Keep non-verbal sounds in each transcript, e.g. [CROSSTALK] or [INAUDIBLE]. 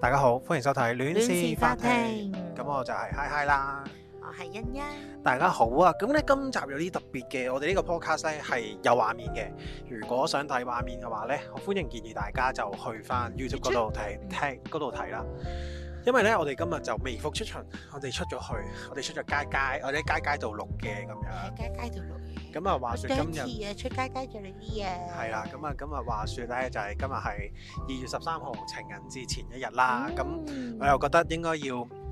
大家好，歡迎收睇戀事法庭，咁我就係 HIHI 啦，我係欣欣，大家好啊，咁呢今集有啲特別嘅，我哋呢個 podcast 咧係有畫面嘅，如果想睇畫面嘅話呢，我歡迎建議大家就去返 YouTube 嗰度睇，聽嗰度睇啦。因為咧，我哋今日就微服出巡，我哋出咗去，我哋出咗街街，我哋喺街街度錄嘅咁樣。喺街街度錄。咁啊，話説今日，第一次啊，出街街做呢啲嘢。係啦，咁啊，咁啊，話説咧，就係今日係二月十三號情人節前一日啦。咁、嗯、我又覺得應該要。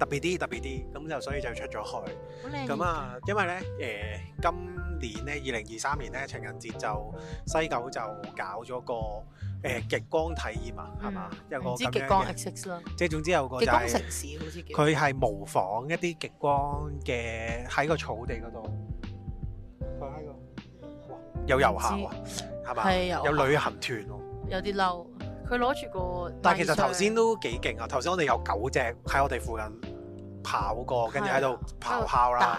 特別啲，特別啲，咁就所以就出咗去。好靚。咁啊，因為咧，誒、呃，今年咧，二零二三年咧，情人節就西九就搞咗個誒、呃、極光體驗啊，係嘛？嗯、有個。唔知極光 X X 啦。即係總之有個、就係。極光城市好似叫。佢係模仿一啲極光嘅喺個草地嗰度。佢喺度，哇！有遊客喎，係嘛？係吧有。有旅行團喎。有啲嬲，佢攞住個。但係其實頭先都幾勁啊！頭先我哋有九隻喺我哋附近。跑過，跟住喺度咆哮啦，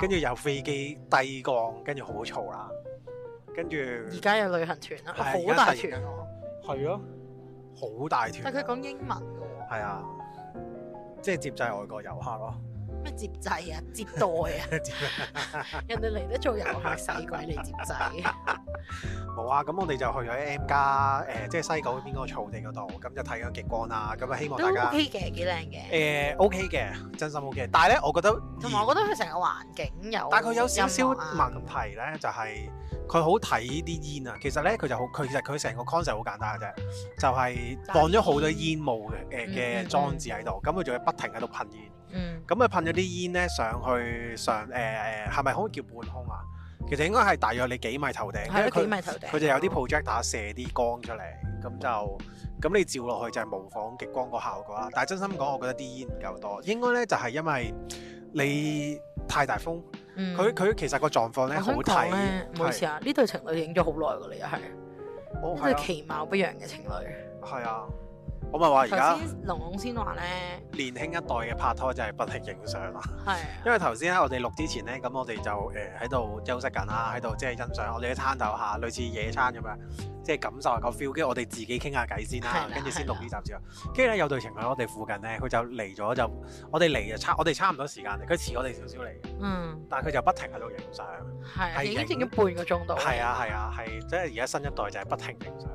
跟住有飛機低降，跟住好嘈啦，跟住而家有旅行團啦，好、哦、大團，係啊，好大團，但佢講英文嘅喎，係啊，即係接載外國遊客咯。咩接濟啊？接待啊！ [LAUGHS] 人哋嚟得做嘢，我咪使鬼嚟接濟。冇啊！咁、 [LAUGHS] 啊、我哋就去咗 M+，誒、呃，即係西九邊嗰個草地嗰度，咁就睇咗極光啦，咁啊，希望大家、呃、OK 嘅，幾靚嘅。誒 OK 嘅，真心 OK。但係咧，我覺得同埋我覺得佢成個環境有、啊，但係佢有少少問題咧，就係佢好睇啲煙啊。其實咧，佢就好，佢其實佢成個 concept 好簡單嘅啫，就係、是、放咗好多煙霧嘅誒嘅裝置喺度，咁佢仲要不停喺度噴煙。嗯嗯嗯，咁啊噴咗啲煙咧上去上誒、誒，係咪可以叫半空啊？其實應該係大約你幾米頭頂，因為佢佢就有啲 project 打射啲光出嚟，咁就咁你照落去就係模仿極光個效果啦。但係真心講，我覺得啲煙唔夠多，應該咧就係因為你太大風。佢佢其實個狀況咧好睇。唔好意思啊，呢對情侶影咗好耐㗎你又係，我哋其貌不揚嘅情侶。係啊。我咪話而家，頭先龍龍先話咧，年輕一代嘅拍拖就係不停影相啊。係。因為頭先咧，我哋錄之前咧，咁我哋就誒喺度休息緊啦，喺度即係欣賞我哋嘅攤頭下，類似野餐咁樣，即係感受下個 feel。跟住我哋自己傾下偈先啦，跟住先錄呢集之後。跟住咧有對情侶喺我哋附近咧，佢就嚟咗就，我哋嚟就差，我哋差唔多時間，佢遲我哋少少嚟。嗯。但係佢就不停喺度影相，係已經影咗半個鐘度。係啊係啊，係即係而家新一代就係不停影相。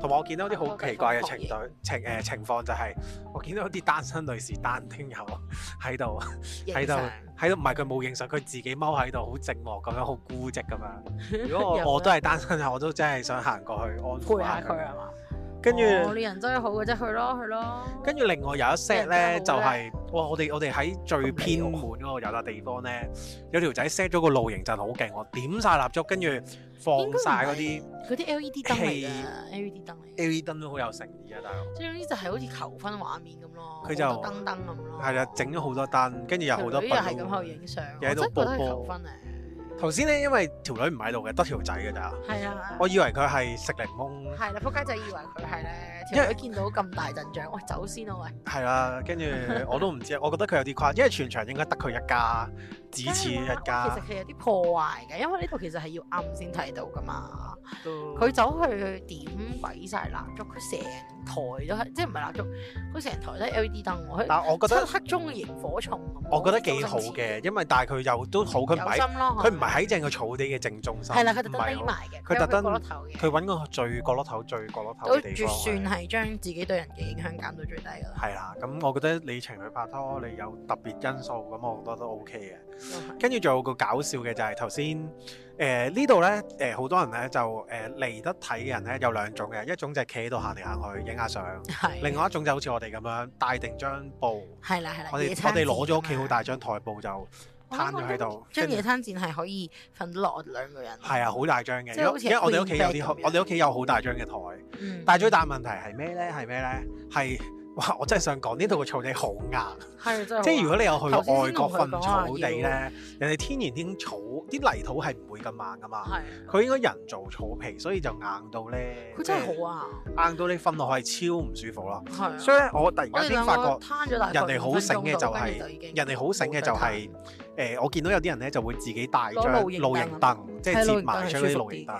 同埋我見到啲好奇怪嘅情隊情誒情況就係，我見到啲單身女士單聽友喺度，喺度， [LAUGHS] 喺度。唔係佢冇影相，佢自己踎喺度，好寂寞咁樣，好孤寂咁樣。如果我，我都係單身， [LAUGHS] 我都真係想行過去安撫下佢係嘛？跟住、哦，我哋人真係好嘅啫，去咯去咯。跟住另外有一 set 咧，呢就係、係、哇，我哋我哋喺最偏門嗰個有笪地方咧，哦、有條仔 set 咗個露營陣好勁喎，點曬蠟燭，跟住放晒嗰啲嗰啲 LED 燈嚟啊，LED 燈 LED 燈都好有誠意啊，大佬。即係呢之就係好似求婚畫面咁咯，就燈燈咁咯。係啦，整咗好多燈，跟住有好多賓。佢哋係咁喺度影相，我真覺得係求婚咧。頭先咧，因為條女唔喺度嘅，得條仔嘅咋。係啊的。我以為佢係食檸檬。係啦，仆街仔以為佢係咧，條 [LAUGHS] 女。見到咁大陣仗，喂，走先啊喂。係啦，跟住我都唔知， [LAUGHS] 我覺得佢有啲誇，因為全場應該得佢一家。只此一家，其實係有啲破壞嘅，因為呢度其實係要暗先睇到㗎嘛。佢、嗯、走去點鬼晒蠟燭，佢成台都係，即係唔係蠟燭，佢成台都係 LED 燈喎。但係我覺得黑中嘅螢火蟲。我覺得幾好嘅，因為但係佢又都好，佢唔係，佢唔係喺正個草地嘅正中心。係啦，佢特登匿埋嘅，佢特登。佢揾個最角落頭、最角落頭嘅地方，算係將自己對人嘅影響減到最低㗎啦。係啦，咁我覺得你情侶拍拖，你有特別因素，咁我覺得都 OK 嘅。跟住仲有個搞笑嘅，就係頭先，誒呢度咧，誒好多人咧，就誒嚟得睇嘅人咧有兩種嘅，一種就係企喺度行嚟行去影下相，係，另外一種就好似我哋咁樣帶定張布，係啦係啦，我哋我哋攞咗屋企好大張台布就攤咗喺度，張野餐墊係可以瞓落兩個人，係啊，好大張嘅，因為我哋屋企有啲，我哋屋企有好大張嘅台，但最大問題係咩咧？係咩咧？係。哇！我真係想講呢度嘅草地好硬，真係即係如果你有去到外國瞓草地咧，才才人哋天然啲草、啲泥土係唔會咁硬噶嘛，佢的應該人造草皮，所以就硬到咧，佢真係好硬，硬到你瞓落去超唔舒服啦。係的，所以咧我突然間先發覺人、就是，人哋好醒嘅就係、是，人哋好醒嘅就係。誒、欸，我見到有啲人咧就會自己帶張露營凳，即係接埋出啲露營凳。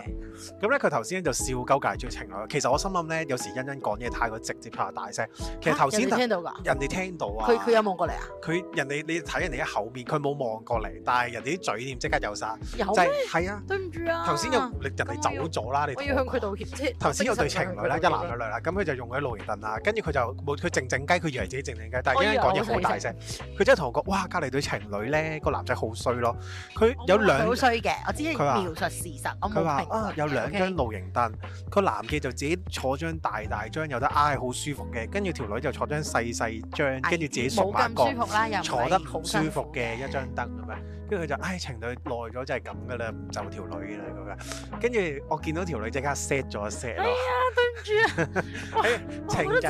咁咧，佢頭先就笑鳩介對情侶。其實我心諗咧，有時欣欣講嘢太過直接怕，大聲。其實頭先聽到㗎，人哋聽到啊。佢佢有望過嚟啊？佢、啊、人哋你睇人哋喺後面，佢冇望過嚟，但係人哋啲嘴臉即刻有晒。即係嗎、就是、啊，對唔住啊！頭先有人哋走咗啦，要你、啊、要向佢道歉啫。頭先有對情侶啦，一男一女啦，咁、嗯、佢就用嗰露營凳啊，跟住佢就冇佢靜靜雞，佢以為自己靜靜雞，但係欣欣講嘢好大聲，佢真係同我講，哇！隔離對情侶咧。個男仔好衰咯，佢有兩，好衰嘅，我知佢描述事實，我冇評。佢話說啊，啊有兩張露營凳。個 Okay. 男嘅就自己坐張大大張，有得挨，好舒服嘅。跟住條女就坐張細細張，跟住、哎、呀自己舒服，冇咁舒服啦，又坐得唔舒服嘅一張凳。咁樣。跟住佢就，唉，情侶耐咗就係咁噶啦，就條女啦咁樣。跟住我見到條女即刻 set 咗 set 咯。係對唔住啊。情人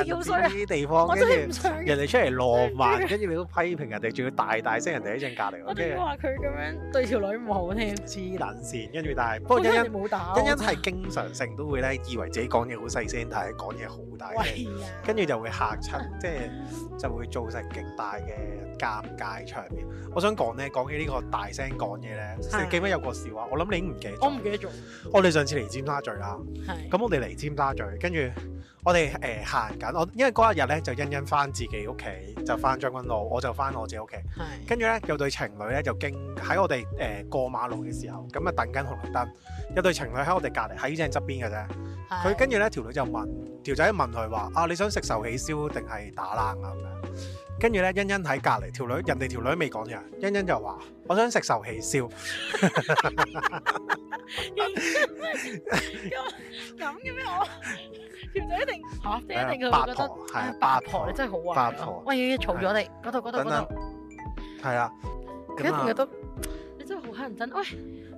啲地方，我真係唔想嘅。跟住人哋出嚟浪漫，跟住你都批評人哋，仲要大大聲人哋喺正隔離。我話佢咁樣對條女唔好添，黐撚線。跟住但係，不過欣欣打。欣欣係經常性都會咧，以為自己講嘢好細聲，但係講嘢好大聲。跟住就會嚇親，即係就會造成極大嘅尷尬場面，我想講咧，講起呢個大聲講嘢咧，記得有個笑話，我諗你唔記得。我唔記得咗。我哋上次嚟尖沙咀啦，咁的我哋嚟尖沙咀，跟住我哋誒行緊，我因為嗰一日咧就欣欣翻自己屋企，就翻將軍澳，我就翻我自己屋企。跟住咧有對情侶咧就經喺我哋誒、呃、過馬路嘅時候，咁啊等緊紅綠燈，有對情侶喺我哋隔離喺呢隻側邊嘅啫，佢跟住咧條女就問。條仔問佢話：啊，你想食壽喜燒定係打冷啊？咁樣跟住咧，欣欣喺隔籬，條女人哋條女未講嘢，欣欣就話：我想食壽喜燒。咁嘅咩？我條仔一定嚇，一定覺得八婆，係八婆，你真係好壞啊！喂，嘈咗你，我都覺得。係啊，而家仲覺得你真係好乞人憎。喂，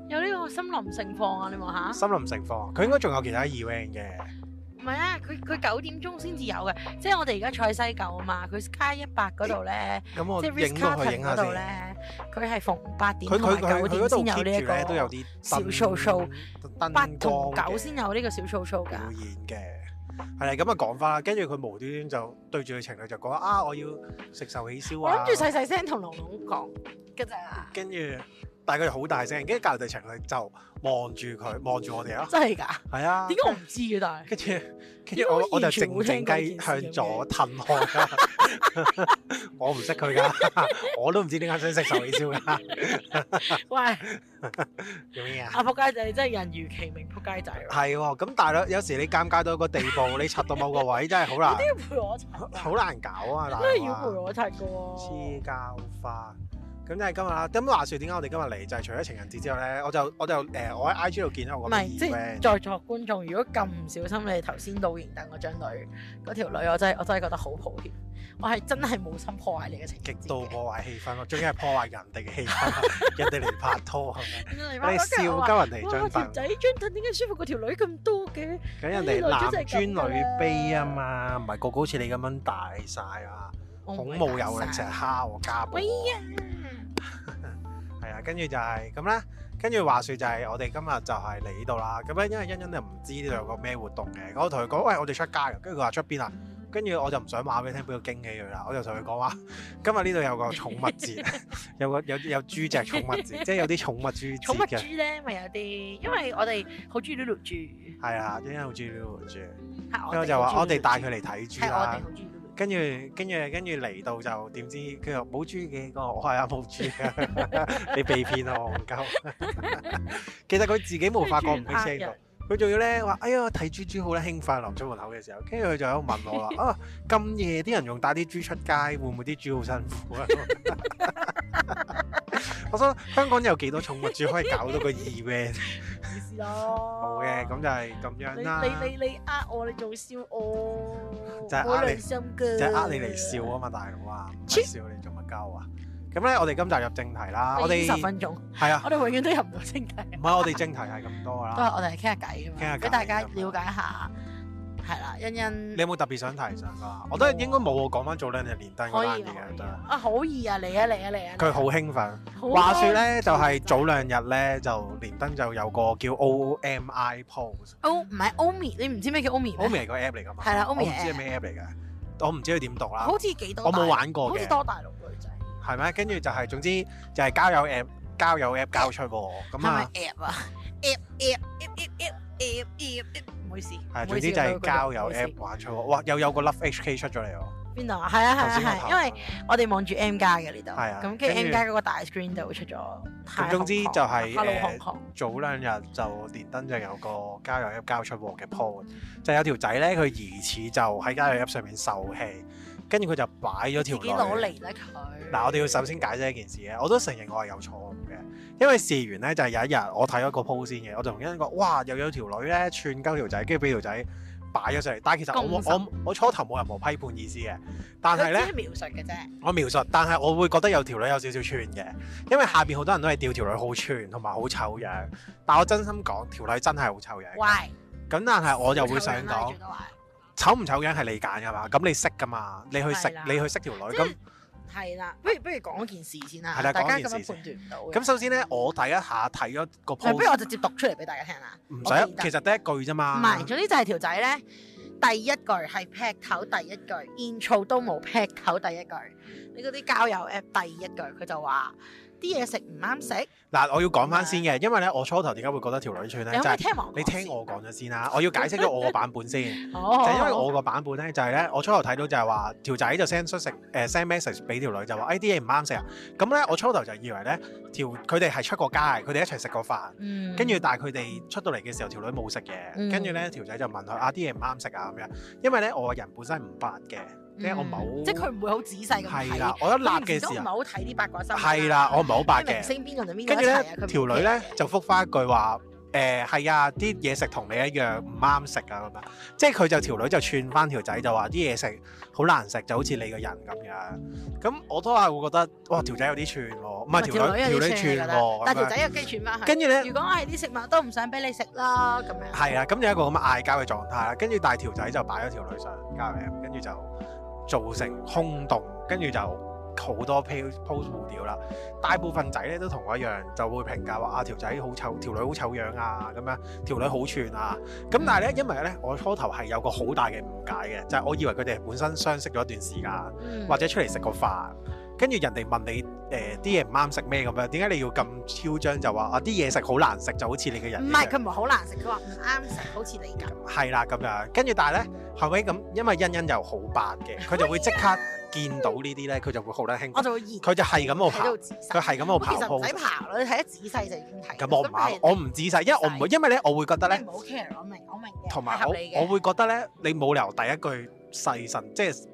有呢個森林盛況啊！你望下，森林盛況，佢應該仲有其他 event 嘅。唔係啊，佢佢九點鐘先至有嘅，即係我哋而家菜西九啊嘛，佢 Sky 100嗰度咧，即係 restaurant 嗰度咧，佢係逢八點佢九點先有呢一啲小騷騷，八同九先有呢個小騷騷噶。演嘅，係啊，咁啊講翻，跟住佢無端端就對住佢情侶就講啊，我要食壽喜燒啊，諗住細細聲同龍龍講，跟住，但佢好大聲，跟住隔籬對情侶就望住佢，望住我哋咯。真係㗎？係啊。點解我唔知嘅、啊？但係跟住，跟住我我就靜靜雞向左褪開。 [LAUGHS] [LAUGHS] 我唔識佢㗎， [LAUGHS] 我都唔知點解想食壽喜燒㗎。 [LAUGHS] 喂，做咩 [LAUGHS] 麼啊？阿仆街仔你真係人如其名，仆街仔。係喎、 [LAUGHS] 啊，咁但係有時你尷尬到一個地步，你插到某個位真係好難。你 [LAUGHS] 都要陪我插好難搞啊，難啊！都要陪我插㗎黐膠花。咁就係今日啦，咁話説點解我哋今日嚟就係除咗情人節之後咧，我就我就誒、呃、我喺 IG 度見到我唔係即在座觀眾，如果咁唔小心，你頭先倒燃燈嗰張女嗰條女我，我真係我真係覺得好抱歉，我係真係冇心破壞你嘅情節，極度破壞氣氛咯，最緊係破壞人哋嘅氣氛， [LAUGHS] 人哋嚟拍拖係咪？你笑鳩人哋張凳，條仔專登點解舒服過條女咁多嘅？咁人哋男尊女卑啊嘛，唔係 [LAUGHS] 個個好似你咁樣大晒啊，恐怖有力成日蝦我家婆。跟住就係咁咧，跟住話説就係我哋今日就係嚟呢度啦。咁樣，因為欣欣就唔知呢度有個咩活動嘅，我同佢講：喂，我哋出街嘅。跟住佢話出邊啊？跟住我就唔想話俾你聽，俾個驚喜佢啦。我就同佢講話：今日呢度有個寵物節， [LAUGHS] 有個有有豬隻寵物節， [LAUGHS] 即係有啲寵物豬節。寵物豬咧，咪有啲，因為我哋好中意 LuLu 豬。係啊，欣欣好中意 LuLu 豬。係我哋。因就話我哋帶佢嚟睇豬啦。跟住，跟住，跟住嚟到就點知？佢話冇豬嘅，嗰我係冇豬 [LAUGHS] [LAUGHS] 你被騙咯，憨鳩。 [LAUGHS] 其實佢自己冇發覺唔啲聲喎，佢仲要咧話：哎呀，睇豬豬好咧興奮，臨出門口嘅時候，跟住佢就喺度問我話： [LAUGHS] 啊，咁夜啲人仲帶啲豬出街，會唔會啲豬好辛苦啊？ [LAUGHS] [LAUGHS] 我想香港有幾多寵物，最可以搞到個 event？是咯。好嘅，咁就係咁樣啦。你你你呃我，你做笑我。就係呃你，就呃你嚟笑啊嘛，大佬啊！笑你做乜鳩啊？咁咧，我哋今集入正題啦。我哋十分鐘。係啊。我哋永遠都入唔到正題。唔係，我哋正題係咁多噶啦。都係我哋傾下偈啊嘛，俾大家了解下。係啦，欣欣。你有冇特別想提上㗎？我覺得應該冇。講翻早兩日連登單嘢，其實啊，好易啊，嚟啊嚟啊嚟啊！佢好興奮。話説咧，就係早兩日咧，就連登就有個叫 OMI post。O 唔係 OMI，你唔知咩叫 OMI？OMI 係個 app 嚟㗎嘛？係啦，OMI。我唔知係咩 app 嚟㗎，我唔知佢點讀啦。好似幾多？我冇玩過。好似多大陸女仔。係咩？跟住就係，總之就係交友 app，交友 app 交出噃咁啊！app 啊，app app app app app app 冇事，係，仲有啲就係交友 app 玩出哇，又有個 Love HK 出咗嚟喎。邊度啊？係啊係啊係，因為我哋望住 M 家嘅呢度。係啊。咁跟住 M 家嗰個大 screen 就會出咗。咁總之就係早兩日就連登就有個交友 app 交出嘅 post，就有條仔咧佢疑似就喺交友 app 上面受氣，跟住佢就擺咗條。你攞嚟咧佢？嗱，我哋要首先解釋一件事嘅，我都承認我係有錯誤嘅。因為試完咧，就係、是、有一日我睇咗個鋪先嘅，我就同人講：哇，又有條女咧串鳩條仔，跟住俾條仔擺咗上嚟。但係其實我心我我，我初頭冇任何批判意思嘅，但係咧，描述我描述，但係我會覺得有條女有少少串嘅，因為下邊好多人都係屌條女好串同埋好醜樣。但我真心講，條女真係好醜樣。喂，Why? 咁但係我就會想講，醜唔醜樣係你揀噶嘛？咁你識噶嘛？你去識、就是、對你去，識，你去識條女咁。係啦，不如不如講件事先啦。係啦，大家咁樣判斷唔到。咁首先咧，我第一下睇咗個 post 不如我直接讀出嚟俾大家聽啦。唔使用，okay, 其實得一句啫嘛。唔係，總之就係條仔咧，第一句係劈頭第一句，intro 都冇劈頭第一句。你嗰啲交友 app 第一句佢就話。啲嘢食唔啱食嗱，我要講翻先嘅，因為咧我初頭點解會覺得條女串咧，就係聽你聽我講咗先啦，我要解釋咗我個版本先。哦，就因為我個版本咧，就係咧我初頭睇到就係話條仔就 send 出食誒 send message 俾條女就話，哎啲嘢唔啱食啊。咁咧我初頭就以為咧條佢哋係出過街，佢哋一齊食過飯，跟住但係佢哋出到嚟嘅時候，條女冇食嘢，跟住咧條仔就問佢啊，啲嘢唔啱食啊咁樣，因為咧我個人本身唔八嘅。我冇，即係佢唔會好仔細咁睇。係啦，我一辣嘅時候，唔係好睇啲八卦新聞。係啦，我唔係好白嘅。跟住呢條女咧就覆翻一句話，誒係啊，啲嘢食同你一樣唔啱食啊咁樣。即係佢就條女就串翻條仔就話啲嘢食好難食，就好似你個人咁樣。咁我都係會覺得，哇！條仔有啲串喎，唔係條女有啲串喎。但係條仔有幾串翻跟住咧，如果我係啲食物都唔想俾你食啦，咁樣。係啊，咁就一個咁嘅嗌交嘅狀態啦。跟住大條仔就擺咗條女上架嚟，跟住就。造成空洞，跟住就好多 post 鋪掉啦。大部分仔咧都同我一樣，就會評價話啊，條仔好醜，條女好醜樣啊咁樣，條女好串啊。咁但係咧，因為咧，我初頭係有個好大嘅誤解嘅，就係我以為佢哋係本身相識咗一段時間，或者出嚟食個飯。跟住人哋問你誒啲嘢唔啱食咩咁樣？點解你要咁囂張就話啊啲嘢食好難食，就好似你嘅人？唔係佢唔係好難食，佢話唔啱食，好似你咁。係啦，咁樣跟住，但係咧後尾咁，因為欣欣又好白嘅，佢就會即刻見到呢啲咧，佢就會好得興。我就會熱。佢就係咁喺度爬，佢係咁喺度爬。唔使爬啦，你睇得仔細就已經係咁冇。我唔仔細，因為我唔因為咧，我會覺得咧。I don't care，我明，我明同埋我會覺得咧，你冇留第一句細神，即係。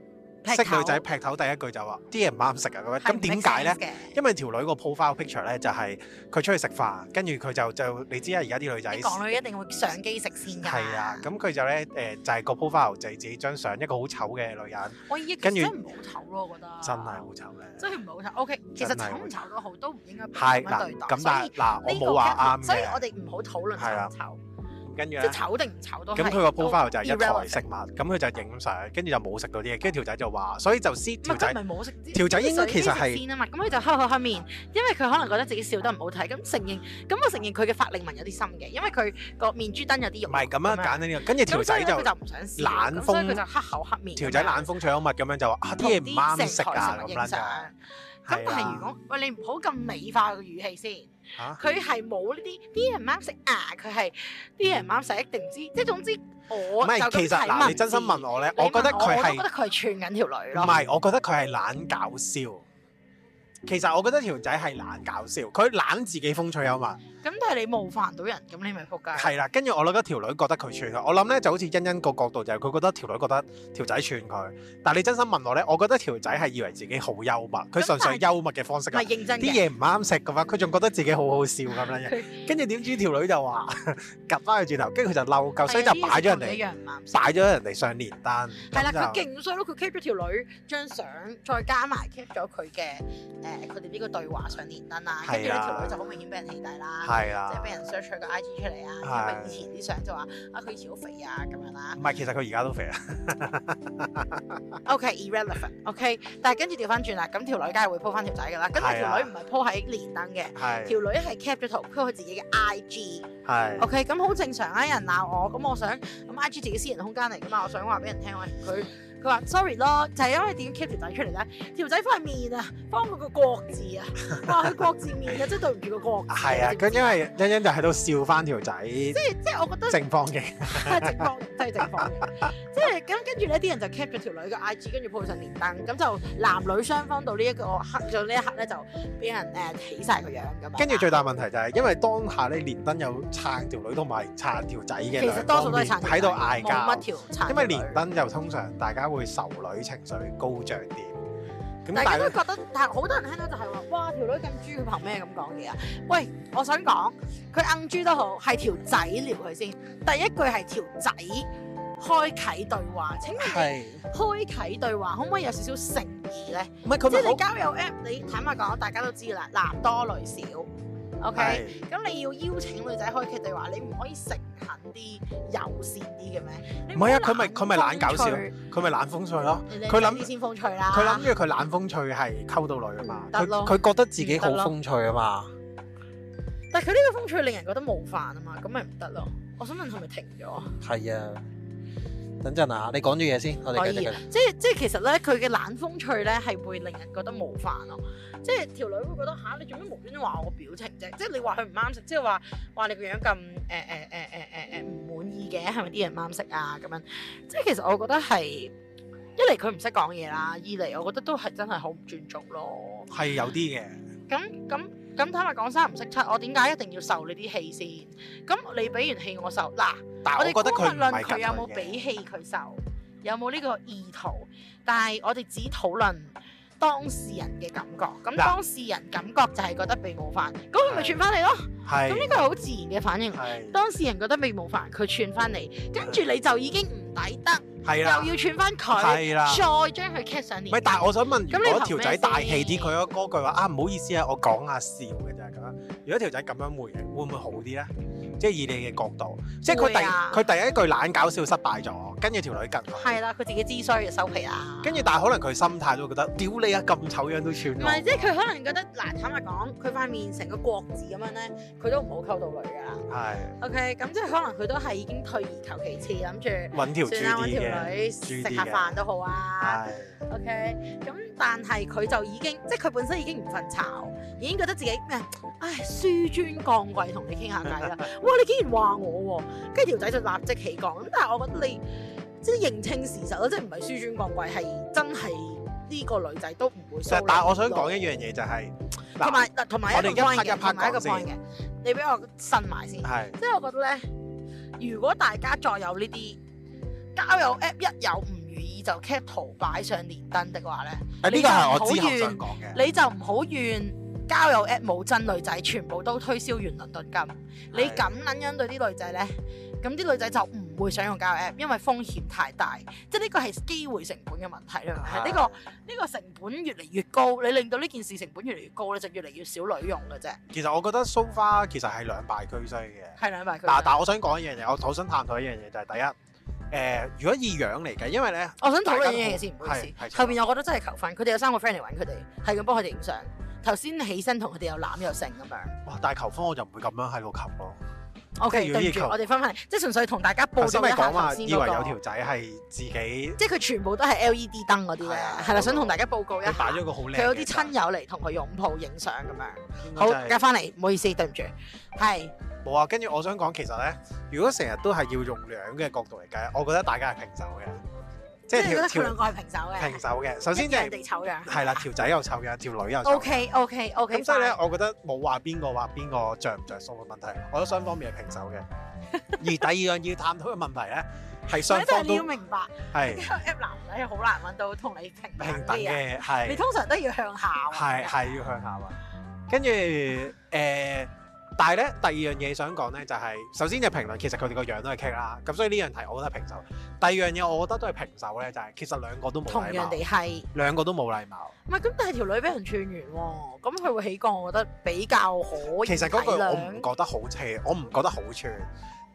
識女仔劈頭第一句就話：啲嘢唔啱食啊咁，咁點解咧？因為條女個 profile picture 咧就係佢出去食飯，跟住佢就就你知啊，而家啲女仔講女一定會相機食先㗎。係、嗯、啊，咁、嗯、佢就咧誒、呃、就係、是、個 profile 就係自己張相，一個好醜嘅女人。我依真係唔好醜咯，我覺得真係好醜咧。真係唔好醜。O、okay, K，其實醜唔醜都好，都唔應該咁樣對待。係，咁但嗱，我冇話啱嘅。所以我哋唔好討論醜唔醜、嗯。跟住咧，咁佢個鋪花就係一台食物，咁佢就影相，跟住就冇食到啲嘢，跟住條仔就話，所以就先條仔條仔應該其實係啊嘛，咁佢就黑口黑面，因為佢可能覺得自己笑得唔好睇，咁承認，咁我承認佢嘅法令紋有啲深嘅，因為佢個面珠墩有啲肉。唔係咁樣揀呢個，跟住條仔就佢就唔想冷風，條仔冷風腸物咁樣就話啲嘢唔啱食㗎咁樣，咁但係如果喂，你唔好咁美化個語氣先。佢係冇呢啲，啲、啊、人啱食牙，佢係啲人啱食一定知，即係總之我就咁問。唔係，其實你真心問我咧，我覺得佢係，我覺得佢係串緊條女咯。唔係，我覺得佢係懶搞笑。嗯。其實我覺得條仔係懶搞笑，佢懶自己風趣幽默。咁但係你冒犯到人，咁你咪仆街。係啦，跟住我諗咗條女覺得佢串佢，我諗咧就好似欣欣個角度就係、是、佢覺得條女覺得條仔串佢。但係你真心問我咧，我覺得條仔係以為自己好幽默，佢純粹幽默嘅方式啊，啲嘢唔啱食咁啊，佢仲覺得自己好好笑咁樣嘅。跟住點知 [LAUGHS] 條女就話夾翻佢轉頭，跟住佢就嬲鳩， [LAUGHS] 所以就擺咗人哋擺咗人哋上連登。係啦的，佢勁衰咯，佢 keep 咗條女張相，再加埋 keep 咗佢嘅誒佢哋呢個對話上連登啊，跟住咧條女就好明顯俾人起底啦，啊、即係俾人 search 佢個 IG 出嚟啊，因為、啊啊、以前啲相就話啊佢以前好肥啊咁樣啦。唔係，其實佢而家都肥啊。 [LAUGHS] OK irrelevant OK，但係跟住調翻轉啦，咁、啊、條女梗係會 po 翻條仔㗎啦。跟住、啊、條女唔係 po 喺連登嘅，條女一係 cap 咗圖佢 po 自己嘅 IG、啊。係。OK，咁好正常啊，人鬧我，咁我想咁 IG 自己私人空間嚟嘛，我想話俾人聽啊，佢。佢話 sorry 咯，就係、是、因為點解 keep 條仔出嚟咧？條仔塊面啊，方佢個國字啊，話佢國字面嘅，真對唔住個國字。係啊， [LAUGHS] 咁因為欣欣就喺度笑翻條仔。即係即係，我覺得正方嘅。係正方，真係正方嘅。即係咁，跟住呢啲人就 keep 咗條女嘅 IG，跟住 po 上連登，咁就男女雙方到呢、這、一個刻，到呢一刻咧就俾人誒起晒個樣噶嘛。跟住最大問題就係、是嗯、因為當下咧連登又撐條女同埋撐條仔嘅。其實多數都係撐。喺度嗌價。冇乜調。因為，因為連登又通常大家。會仇女情緒高漲啲，大家都覺得，但係好多人聽到就係話，哇，條女咁豬，佢憑咩咁講嘢啊？喂，我想講，佢硬豬都好，係條仔撩佢先，第一句係條仔開啟對話，請問你開啟對話可唔可以有少少誠意咧？唔係佢，即係你交友 app，你坦白講，大家都知啦，男多女少。OK，咁你要邀請女仔開劇對話，你唔可以誠懇啲、友善啲嘅咩？唔係啊，佢咪佢咪懶搞笑，佢咪懶風趣咯。佢諗住先風趣啦。佢諗住佢懶風趣係溝到女啊嘛。佢佢覺得自己好風趣啊嘛。但係佢呢個風趣令人覺得冒犯啊嘛，咁咪唔得咯。我想問係咪停咗啊？係啊。等陣啊！你講咗嘢先，我哋可以。即係即係其實咧，佢嘅懶風趣咧係會令人覺得冇煩咯。即係條女會覺得嚇、啊，你做咩無端端話我表情啫？即係你話佢唔啱食，即係話話你個樣咁誒誒誒誒誒誒唔滿意嘅，係咪啲人唔啱食啊？咁樣即係其實我覺得係一嚟佢唔識講嘢啦，二嚟我覺得都係真係好唔尊重咯。係有啲嘅。咁咁。咁、嗯、坦白講，三唔識七，我點解一定要受你啲氣先？咁你俾完氣我受，嗱，我哋覺得無論佢有冇俾氣佢受，嗯、有冇呢個意圖，但係我哋只討論，當事人嘅感覺，咁當事人感覺就係覺得被冒犯，咁佢咪串翻你咯？係的，咁呢個係好自然嘅反應。係的，當事人覺得被冒犯，佢串翻你，跟住你就已經唔抵得，的又要串翻佢，的再將佢 cap 上嚟。唔係，但係我想問，如果條仔大氣啲，佢嗰句話啊，唔好意思啊，我講下笑嘅就係咁。如果條仔咁樣回應，會唔會好啲咧？即係以你嘅角度，即係佢第佢會、啊、第一句懶搞笑失敗咗，跟住條女更佢。係啦，佢自己知衰嘅收皮啦。跟住，但係可能佢心態都會覺得屌你啊，咁醜樣都穿、啊。唔係，即係佢可能覺得嗱，坦白講，佢塊面成個國字咁樣咧，佢都唔好溝到女㗎啦。係、哎。OK，咁即係可能佢都係已經退而求其次，諗住算啦，揾條，條女食下飯都好啊。係、哎。OK，咁但係佢就已經，即係佢本身已經唔瞓巢。已經覺得自己咩？唉，紆尊降貴同你傾下偈啦！ [LAUGHS] 哇，你竟然話我喎，跟住條仔就立即起降。咁但係我覺得你即係認清事實咯，即係唔係紆尊降貴，係真係呢個女仔都唔會。其但係我想講一樣嘢就係、是、嗱，同埋同埋一個 p o 埋一個 point 嘅，你俾我呻埋先。係是。即係我覺得咧，如果大家再有呢啲交友 app，一有唔如意就 capture 擺上連登的話咧、哎這個，你就唔好怨， [LAUGHS] 你就唔好怨。交友 app 冇真女仔，全部都推銷完倫敦金。的你咁撚樣對啲女仔咧，咁啲女仔就唔會想用交友 app，因為風險太大，即係呢個係機會成本嘅問題啦。係呢的的、這個呢、這個成本越嚟越高，你令到呢件事成本越嚟越高咧，就越嚟越少女用嘅啫。其實我覺得 so far 其實係兩敗俱傷嘅。係兩敗俱。嗱，但係我想講一樣嘢，我好想探討一樣嘢，就係、是、第一誒、呃，如果以樣嚟計，因為咧，我想討論一樣嘢先，唔好意思，後邊我覺得真係求婚，佢哋有三個 friend 嚟揾佢哋，係咁幫佢哋影相。頭先起身同佢哋有攬約成咁樣，哇！但係求婚我就唔會咁樣喺度擒咯。O K，對唔住，我哋翻翻嚟，即係純粹同大家報告一下。先講話以為有條仔係自己，即係佢全部都係 L E D 燈嗰啲咧，係咪想同大家報告一，擺咗個好靚。佢有啲親友嚟同佢擁抱影相咁樣。好，而家翻嚟，唔好意思，對唔住，係。冇啊，跟住我想講，其實咧，如果成日都係要用兩個角度嚟計，我覺得大家係平手嘅。即覺得佢兩個係平手嘅，平手嘅。首先就係地醜樣，係啦，條仔又醜樣，條女又醜樣。O K O K O K。咁所以咧，我覺得冇話邊個話邊個着唔着數嘅問題，我覺得雙方面係平手嘅。而第二樣要探討嘅問題咧，係雙方都。一定要明白。係。因為 App 男仔好難揾到同你平等嘅人，你通常都要向下。係係要向下啊。跟住誒。但係咧，第二樣嘢想講咧，就係、是、首先嘅評論，其實佢哋個樣都係劇啦。咁所以呢樣題，我覺得平手。第二樣嘢，我覺得都係平手咧，就係、是、其實兩個都冇禮貌。同樣哋係兩個都冇禮貌。唔係咁，但係條女俾人串完喎，咁佢會起槓，我覺得比較好。其實嗰句我唔覺得好黐，我唔覺得好串。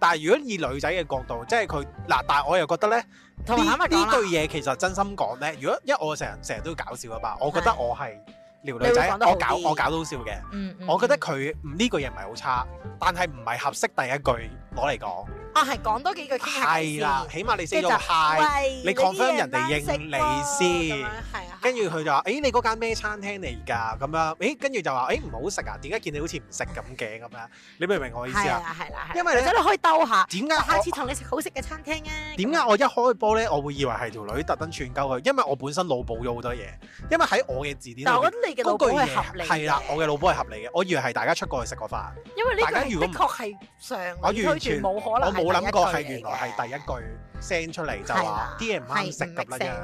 但係如果以女仔嘅角度，即係佢嗱，但係我又覺得咧，呢呢句嘢其實真心講咧。如果因為我成日成日都搞笑啊嘛，我覺得我係。撩女仔，我搞我搞都好笑嘅，嗯嗯、我覺得佢唔呢句嘢唔係好差，但係唔係合適第一句攞嚟講。但係講多幾句，係啦，起碼你寫咗 hi，你 confirm 人哋認你先，跟住佢就話：誒你嗰間咩餐廳嚟㗎？咁樣，誒跟住就話：誒唔好食啊？點解見你好似唔食咁嘅咁樣？你明唔明我意思啊？係啦係啦，因為你真係可以兜下。點解下次同你食好食嘅餐廳咧？點解我一開波咧，我會以為係條女特登串鳩佢？因為我本身腦補咗好多嘢，因為喺我嘅字典，但我覺得你嘅腦補係合理。係啦，我嘅腦補係合理嘅，我以為係大家出過去食個飯。因為呢個的確係常理，完全冇可能。我諗過係原來係第一句聲出嚟，就話啲嘢唔肯食咁樣，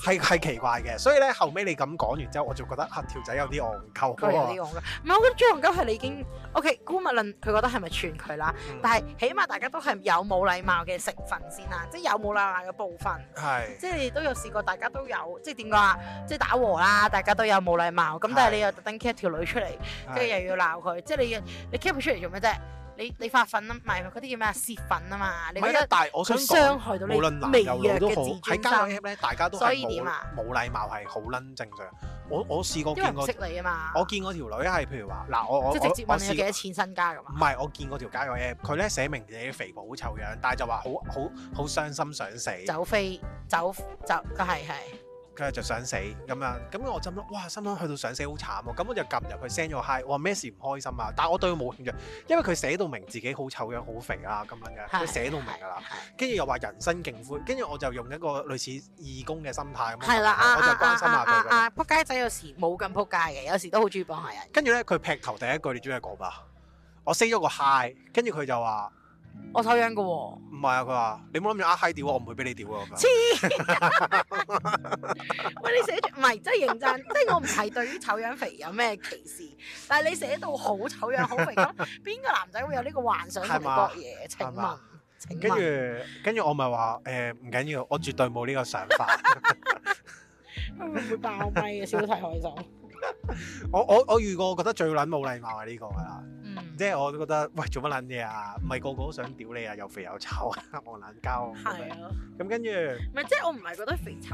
係係奇怪嘅。所以咧後尾你咁講完之後，我就覺得吓條仔有啲戇鳩，有啲戇鳩。唔係，我覺得張鴻金係你已經 OK。姑勿論佢覺得係咪串佢啦，但係起碼大家都係有冇禮貌嘅成分先啦，即係有冇禮貌嘅部分。係即係你都有試過，大家都有即係點講啊？即係打和啦，大家都有冇禮貌咁，但係你又特登 keep 條女出嚟，跟住又要鬧佢，即係你要你 keep 佢出嚟做咩啫？你你發憤啦，唔係嗰啲叫咩啊？泄憤啊嘛，你覺得你但係我想害講，無論男又女都好，喺交友 App 咧，大家都所以點啊？冇禮貌係好撚正常。我我試過見過，識你嘛，我見過條女係譬如話嗱，我我直接問你幾多錢身家咁嘛。唔係，我見過條交友 App，佢咧寫明自己肥婆好臭樣，但係就話好好好傷心想死，走飛走走，係係。佢就想死咁樣，咁我浸諗哇，心諗去到想死好慘啊！咁我就撳入去 send 咗嗨我話咩事唔開心啊？但係我對佢冇興趣，因為佢寫到明自己好醜樣、好肥啊、嗯，咁樣嘅佢寫到明噶啦對。跟住又話人生勁灰，跟住我就用一個類似義工嘅心態咁對。係啦，我就關心下佢。啊仆街仔有時冇咁仆街嘅，有時都好中意幫下人呢。跟住咧，佢劈頭第一句你中意講嘛？我 send 咗個嗨！」跟住佢就話。我醜樣嘅喎，唔係啊！佢話你冇諗住啊嗨屌我唔會俾你屌啊！黐、嗯、噢 [LAUGHS] 喂！你寫住唔係真係認真， [LAUGHS] 即係我唔係對於醜樣肥有咩歧視，但係你寫到好醜樣好肥咯，邊個男仔會有呢個幻想同埋博嘢？吧請問？嗯嗯、請問跟住跟住我咪話誒唔緊要，我絕對冇呢個想法。唔 [LAUGHS] [LAUGHS] 會,會爆咪嘅，笑得太開心。 [LAUGHS] 我我我遇過覺得最撚冇禮貌啊呢、這個、嗯、啊，即係我都覺得喂，做乜撚嘢啊，唔係個個都想屌你啊，又 [LAUGHS] 肥又醜， [LAUGHS] 我撚交惰，咁跟住，唔係即係我唔係覺得肥醜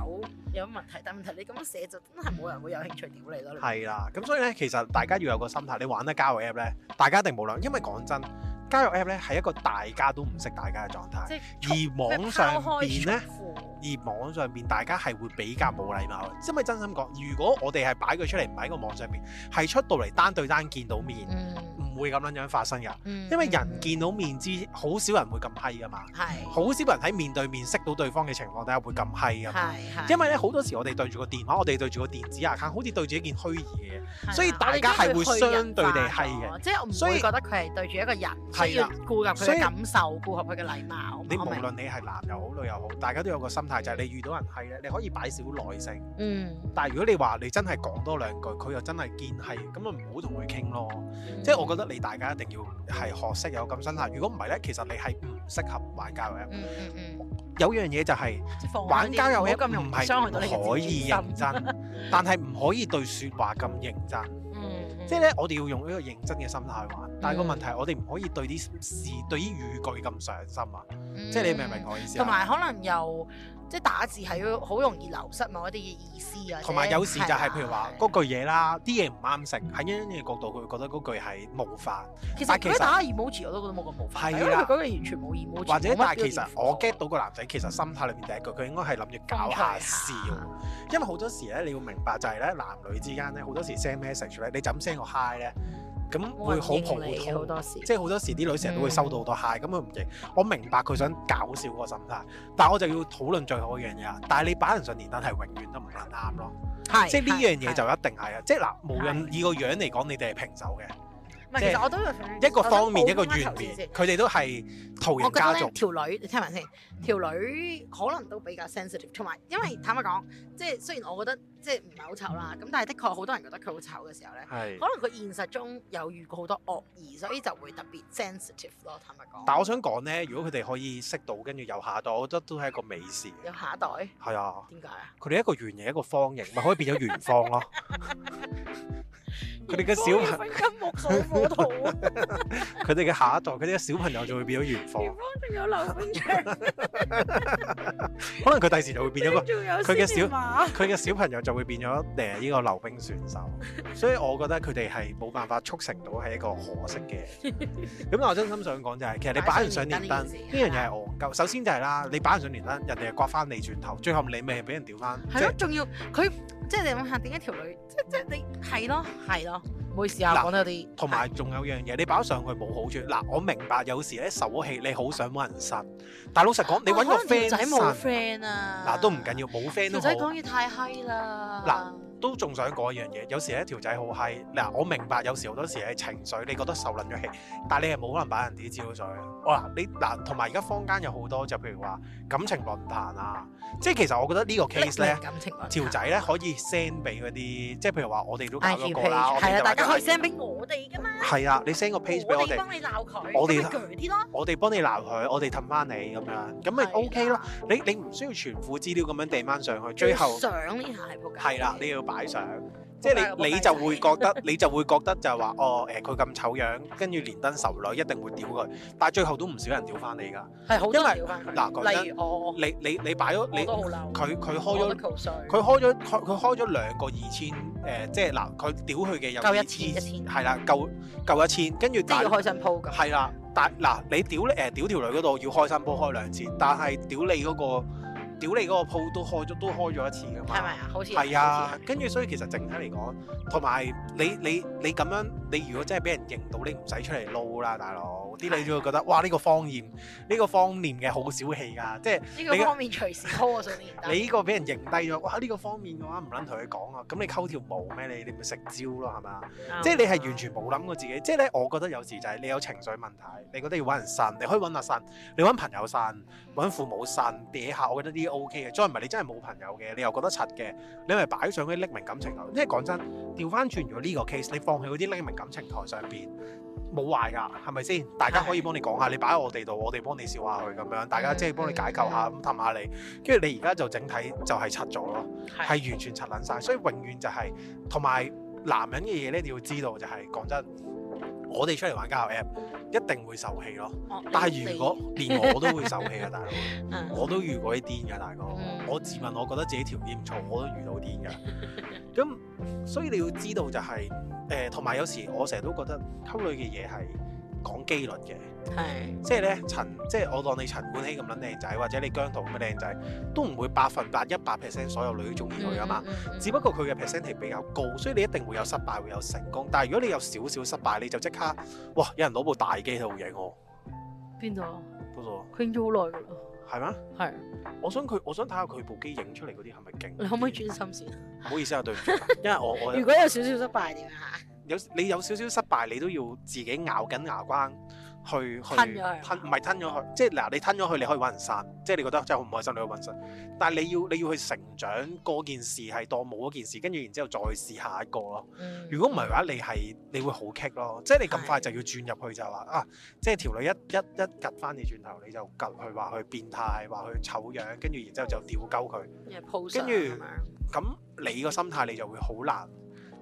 有問題，但係問題你咁樣寫就真係冇人會有興趣屌你咯，係啦、啊，咁所以咧，其實大家要有個心態，你玩得交友 app 咧，大家一定冇兩，因為講真。交友 App 咧係一個大家都唔識大家嘅狀態，是而網上邊咧，而網上邊大家係會比較冇禮貌。即係真心講，如果我哋係擺佢出嚟，唔喺個網上面，係出到嚟單對單見到面。嗯唔會咁樣樣發生㗎，因為人見到面之好少人會咁閪㗎嘛，好少人喺面對面識到對方嘅情況底下會咁閪㗎嘛。因為咧，好多時我哋對住個電話，我哋對住個電子眼鏡，好似對住一件虛擬嘅，所以大家係會相對地閪嘅，即係我唔需要覺得佢係對住一個人，需要顧及佢嘅感受、顧合佢嘅禮貌。你無論你係男又好、女又好，大家都有個心態，就係你遇到人閪咧，你可以擺少耐性，但係如果你話你真係講多兩句，佢又真係堅閪，咁啊唔好同佢傾咯。即係我覺得。你大家一定要係學識有咁心態，如果唔係咧，其實你係唔適合玩交友嘅。嗯嗯、有樣嘢就係、是，玩交咁嘅唔係可以認真，嗯、但係唔可以對説話咁認真。嗯嗯、即係咧，我哋要用一個認真嘅心態去玩，嗯、但係個問題，我哋唔可以對啲事，對啲語句咁上心啊。嗯、即係你明唔明我意思？同埋可能又。即係打字係好容易流失某一啲嘅意思啊，同埋有，有時就係譬如的話嗰句嘢啦，啲嘢唔啱食，喺另一嘅角度佢會覺得嗰句係冒犯。其實其一打 emoji 我都覺得冇咁冒犯，的因為佢嗰句完全冇 emoji。或者但係其實我 get 到個男仔其實心態裏面第一句佢應該係諗住搞下笑，嗯、因為好多時咧你要明白就係咧男女之間咧好多時 send message 咧你怎 send 個 hi 咧？咁會好叛逆，好多時，即係好多時啲女成日都會收到好多 hi，咁佢唔認。我明白佢想搞笑個心態，但我就要討論最後一樣嘢啦。但係你擺人上連登係永遠都唔可能啱咯，即係呢樣嘢就一定係啊！即係嗱，無論以個樣嚟講，你哋係平手嘅。其實我都一個方面一個怨面，佢哋都係逃離家族條女，你聽埋先。條、嗯、女可能都比較 sensitive，同埋因為坦白講，即係雖然我覺得即係唔係好醜啦，咁但係的確好多人覺得佢好醜嘅時候咧，是可能佢現實中有遇過好多惡意，所以就會特別 sensitive 咯。坦白講。但係我想講咧，如果佢哋可以識到，跟住有下一代，我覺得都係一個美事。有下一代。係啊。點解啊？佢哋一個圓形，一個方形，咪可以變咗圓方咯。佢哋嘅小朋友冇圖。佢哋嘅下一代，佢哋嘅小朋友就會變咗圓方。圓方仲有劉歡長。 [LAUGHS] [LAUGHS] 可能佢第時就會變咗個佢嘅小佢嘅小朋友就會變咗誒呢個溜冰選手， [LAUGHS] 所以我覺得佢哋係冇辦法促成到係一個可惜嘅。咁 [LAUGHS] 我真心想講就係，其實你擺人上連登呢樣嘢係憨鳩。首先就係、是、啦，你擺人上連登，人哋係刮翻你轉頭，最後你咪係俾人屌返。係咯、 [LAUGHS] 就是，仲要佢即係你諗下點解條女即係即係你係咯係咯。就是唔好意思啊，講多啲，同埋仲有樣嘢，是你擺上去冇好處。嗱，我明白有時咧受咗氣，你好想揾人呻，但係老實講，你揾個 friend 呻，嗱、啊啊、都唔緊要，冇 friend 都冇。女仔講嘢太 high 都仲想講一樣嘢，有時咧條仔好閪。嗱，我明白有時好多時係情緒，你覺得受撚咗氣，但係你係冇可能擺人哋啲招水哇、啊！你嗱，同埋而家坊間有好多就譬如話感情論壇啊，即係其實我覺得呢個 case 咧，條仔咧可以 send 俾嗰啲，即係譬如話我哋都搞咗個啦 ID page,，大家可以 send 俾我哋噶嘛。係啊，你 send 個 page 俾我哋們，我哋幫你鬧佢，我哋啲咯，我哋幫你鬧佢，我哋氹翻你咁樣，咁咪 OK 咯的。你你唔需要全副資料咁樣掟翻上去，最後，相係啦，你要擺上，即係你你就會覺得 [LAUGHS] 你就會覺得就係話哦誒佢咁醜樣，跟住連登仇女一定會屌佢，但係最後都唔少人屌翻你噶。係好少屌翻佢嗱，為例如我，如我你你你擺咗，你佢佢開咗，佢開咗，佢佢開咗兩個二千誒，即係嗱，佢屌佢嘅又夠一千，一千係啦，夠夠一千，1000, 跟住即係要開新鋪噶。係啦，但嗱你屌咧誒，屌條女嗰度要開新鋪開兩次，但係屌你嗰、嗰個。屌你個鋪都開咗，都開咗一次噶嘛。係咪啊？好似係啊，跟住所以其實整體嚟講，同埋你你你咁樣，你如果真係俾人認到，你唔使出嚟撈啦，大佬。啲你唉都會覺得哇！呢、這個方言，呢、這個方念嘅好小氣㗎、啊，即係呢 [LAUGHS] 個方面隨時溝啊！上你呢個俾人認低咗，哇！呢、這個方面嘅話唔撚同佢講啊，咁你溝條毛咩？你你咪食蕉咯，係咪啊？嗯、即係你係完全冇諗過自己。即係咧，我覺得有時就係你有情緒問題，你覺得要揾人呻，你可以揾人呻，你揾朋友呻，揾父母呻，嘅下我覺得啲 O K 嘅。再唔係你真係冇朋友嘅，你又覺得柒嘅，你咪擺上嗰匿名感情台。因為講真，調翻轉咗呢個 case，你放喺嗰啲匿名感情台上邊。冇壞㗎，係咪先？大家可以幫你講下，的你擺喺我哋度，我哋幫你笑下佢咁的樣，大家即係幫你解構下咁氹下你。跟住你而家就整體就係拆咗咯，係的完全拆撚晒。的所以永遠就係同埋男人嘅嘢咧，你要知道就係、是、講真。我哋出嚟玩交友 App 一定會受氣咯，但係如果連我都會受氣啊，大佬， [LAUGHS] 我都遇過啲癲嘅大哥，嗯、我自問我覺得自己條件唔錯，我都遇到癲嘅，咁所以你要知道就係、是、誒，同、呃、埋有，有時我成日都覺得溝女嘅嘢係講機率嘅。係是，即係咧陳，即係我當你陳冠希咁撚靚仔，或者你姜濤咁嘅靚仔，都唔會百分百一百 percent 所有女都中意佢啊嘛。嗯嗯、只不過佢嘅 percent 係比較高，所以你一定會有失敗，會有成功。但係如果你有少少失敗，你就即刻哇，有人攞部大機喺度影喎。邊度裡？佢影咗好耐㗎啦。係咩？係嗎的。我想佢，我想睇下佢部機影出嚟嗰啲係咪勁。你可唔可以專心先？唔 [LAUGHS] 好意思啊，對唔住。 [LAUGHS] 因為我我如果有少少失敗點樣啊？有你有少少失敗，你都要自己咬緊牙關。去去吞咗佢，吞唔係吞咗佢，即係嗱，你吞咗佢，你可以揾人刪，即係你覺得真係好唔開心，你可以揾人刪。但係你要你要去成長嗰件事係當冇嗰件事，跟住然之後再試下一個咯。如果唔係嘅話，你係你會好棘咯，即係你咁快就要轉入去就話是的 啊，即係條女一一一趌翻你轉頭，你就趌去話佢變態，話佢醜樣，跟住然之後就屌鳩佢，跟住咁你個心態你就會好難，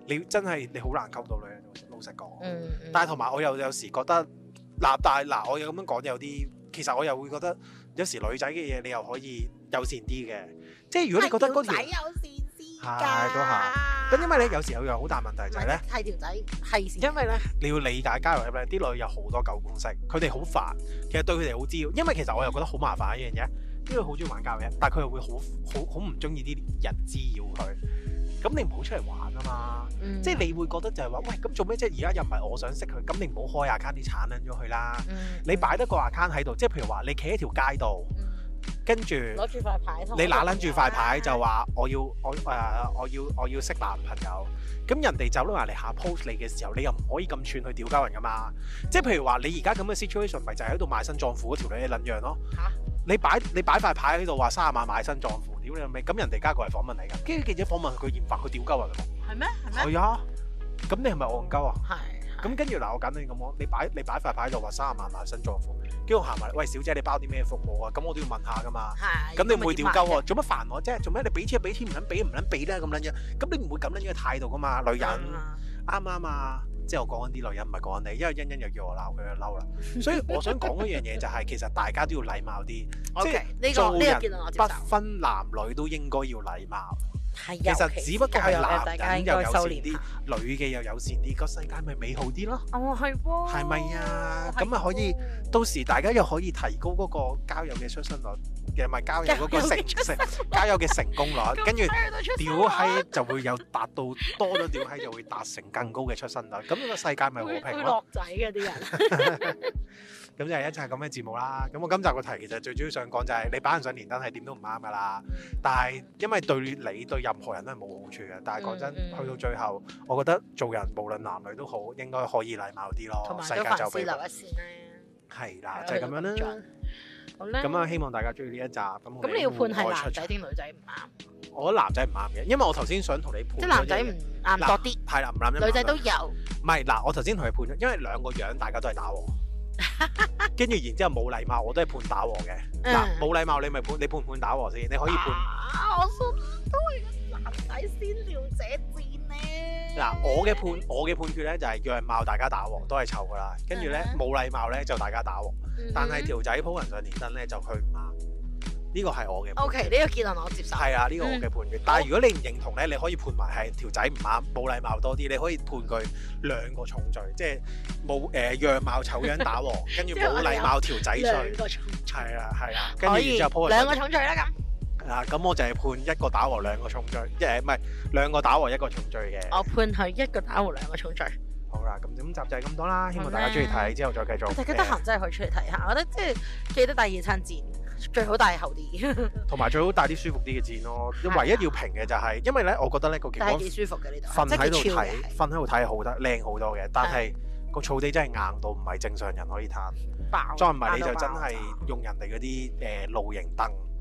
你真係你好難溝到女。老實講，嗯，但係同埋我有有時覺得。嗱，但係嗱，我又咁樣講有啲，其實我又會覺得有時女仔嘅嘢你又可以友善啲嘅，即係如果你覺得嗰條仔友善啲，係嗰下。咁因為咧，有時候有好大問題就係、是、咧，替條仔係，善因為咧你要理解交流入咧啲女有好多狗公式，佢哋好煩，其實對佢哋好知，因為其實我又覺得好麻煩一樣嘢，因為好中意玩交嘅。但係佢又會好好好唔中意啲人滋擾佢。咁你唔好出嚟玩啊嘛！嗯、即係你會覺得就係話，喂，咁做咩啫？而家又唔係我想識佢，咁你唔好開 account 啲鏟撚咗佢啦！你擺得、嗯、個 account 喺度，即係譬如話你企喺條街度，嗯、跟住攞住塊牌，你攬撚住塊牌就話我要我誒、啊、我要我要，我要，我要識男朋友，咁人哋走咗埋嚟下 post 你嘅時候，你又唔可以咁串去屌鳩人噶嘛？嗯、即係譬如話你而家咁嘅 situation，咪就係喺度賣身葬父嗰條女嘅撚樣咯。嚇哈！你擺你擺塊牌喺度話三十萬賣身葬。屌你係咪？咁人哋加過嚟訪問你㗎，跟住記者訪問佢，研發佢屌鳩啊！係咩？係咩？係啊！咁你係咪戇鳩啊？係。咁跟住嗱，我簡單咁講，你擺你擺塊牌就話三十萬買新裝貨，跟住我行埋，喂小姐你包啲咩服務啊？咁我都要問下㗎嘛。係。咁你唔會屌鳩喎？做乜煩我啫？做咩你俾錢俾錢唔撚俾唔撚俾咧咁撚樣？咁你唔會咁撚樣嘅態度㗎嘛？女人啱唔啱啊？之後我講緊啲女人，唔係講緊你，因為欣欣又叫我鬧佢，又嬲啦。所以我想講一樣嘢就係、是，其實大家都要禮貌啲，即係 Okay, 做人不分男女都應該要禮貌。係啊、這個，這個、其實只不過係男人又友善啲，應該應該女嘅又友善啲，個世界咪美好啲咯。係喎、哦，係咪、哦、啊？咁咪、哦哦、可以，到時大家又可以提高嗰個交友嘅出生率。嘅咪交友嗰個成成交友嘅成功率，跟住屌閪就會有達到多咗屌閪就會達成更高嘅出生率。咁呢個世界咪和平咯？會落仔嘅啲人。咁就係一陣係咁嘅節目啦。咁我今集個題其實最主要想講就係你擺唔上連登係點都唔啱噶啦。但係因為對你對任何人都係冇好處嘅。但係講真，去到最後，我覺得做人無論男女都好，應該可以禮貌啲咯。世界就俾留一線啦。係啦，就係咁樣啦。咁啊，我希望大家中意呢一集。咁咁你要判係男仔定女仔唔啱？我覺得男仔唔啱嘅，因為我頭先想同你判。即係男仔唔啱多啲。係啦，唔男女仔都有。唔係嗱，我頭先同你判咗，因為兩個樣大家都係打和。跟住 [LAUGHS] 然之後冇禮貌，我都係判打和嘅。嗱， [LAUGHS] 冇禮貌你咪判，你判唔判打和先？你可以判。啊，我信都係個男仔先了者。嗱，我嘅判我嘅判決咧就係樣貌大家打和都係醜噶啦，跟住咧冇禮貌咧就大家打和，mm hmm. 但係條仔 po 人上連登咧就佢唔啱，呢個係我嘅判決。O K. 呢個結論我接受。係啊，呢個我嘅判決，嗯、但係如果你唔認同咧好，你可以判埋係條仔唔啱冇禮貌多啲，你可以判佢兩個重罪，即係冇誒樣貌醜樣打和，跟住冇禮貌條仔衰，係啊係啊，跟住然之後 po 人兩個重罪啦咁。啊！咁我就係判一個打和兩個重罪，即係唔係兩個打和一個重罪嘅。我判佢一個打和兩個重罪。好啦，咁咁集就係咁多啦。希望大家中意睇，之後再繼續。大家得閒真係可以出嚟睇下，我覺得即係記得帶野餐墊，最好帶厚啲。同埋最好帶啲舒服啲嘅墊咯。唯一要平嘅就係，因為咧，我覺得呢個激光。幾舒服嘅呢度。瞓喺度睇，瞓喺度睇好得，靚好多嘅。但係個草地真係硬到唔係正常人可以攤。再唔係你就真係用人哋嗰啲誒露營凳。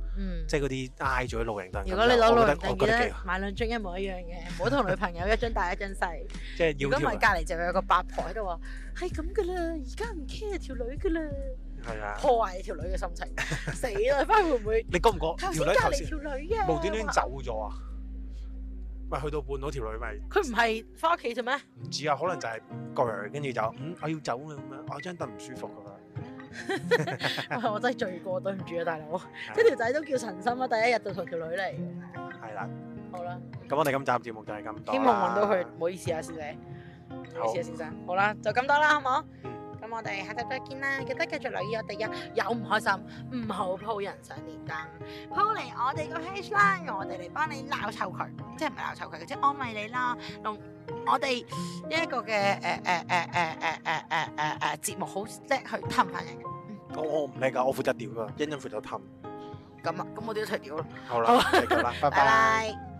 即係嗰啲嗌咗啲露營凳。如果你攞露營凳咧，買兩張一模一樣嘅，唔好同女朋友一張大一張細。即係要條。如果唔係隔籬就有個八婆喺度話，係咁噶啦，而家唔 care 條女噶啦，係啊，破壞你條女嘅心情，死啦！翻會唔會？你覺唔覺？條女頭先。無端端走咗啊！咪去到半度條女咪？佢唔係翻屋企做咩？唔知啊，可能就係個人跟住就我要走啊咁樣，我張凳唔舒服噶 [LAUGHS] [LAUGHS] 哎、我真係罪過，對唔住啊，大佬。即條的仔都叫陳心啊，第一日就同條女嚟。係啦的。好啦吧。咁我哋今集節目就係咁多。希望揾到佢，唔好意思啊，小姐。唔好意思啊，先生。好啦、啊好，就咁多啦，好冇？嗯我哋下集再見啦！記得繼續留意我哋啊！有唔開心，唔好擺人上連登，擺嚟我哋個 hatch 啦，讓我哋嚟幫你鬧臭佢，即係唔係鬧臭佢，即係安慰你啦。用我哋一個嘅誒誒誒誒誒誒誒誒誒節目好，好叻去氹翻人嘅。我我唔理噶，我負責屌噶，欣欣負責氹。咁啊，咁我哋一齊屌啦。好啦吧，啦， [LAUGHS] 拜拜。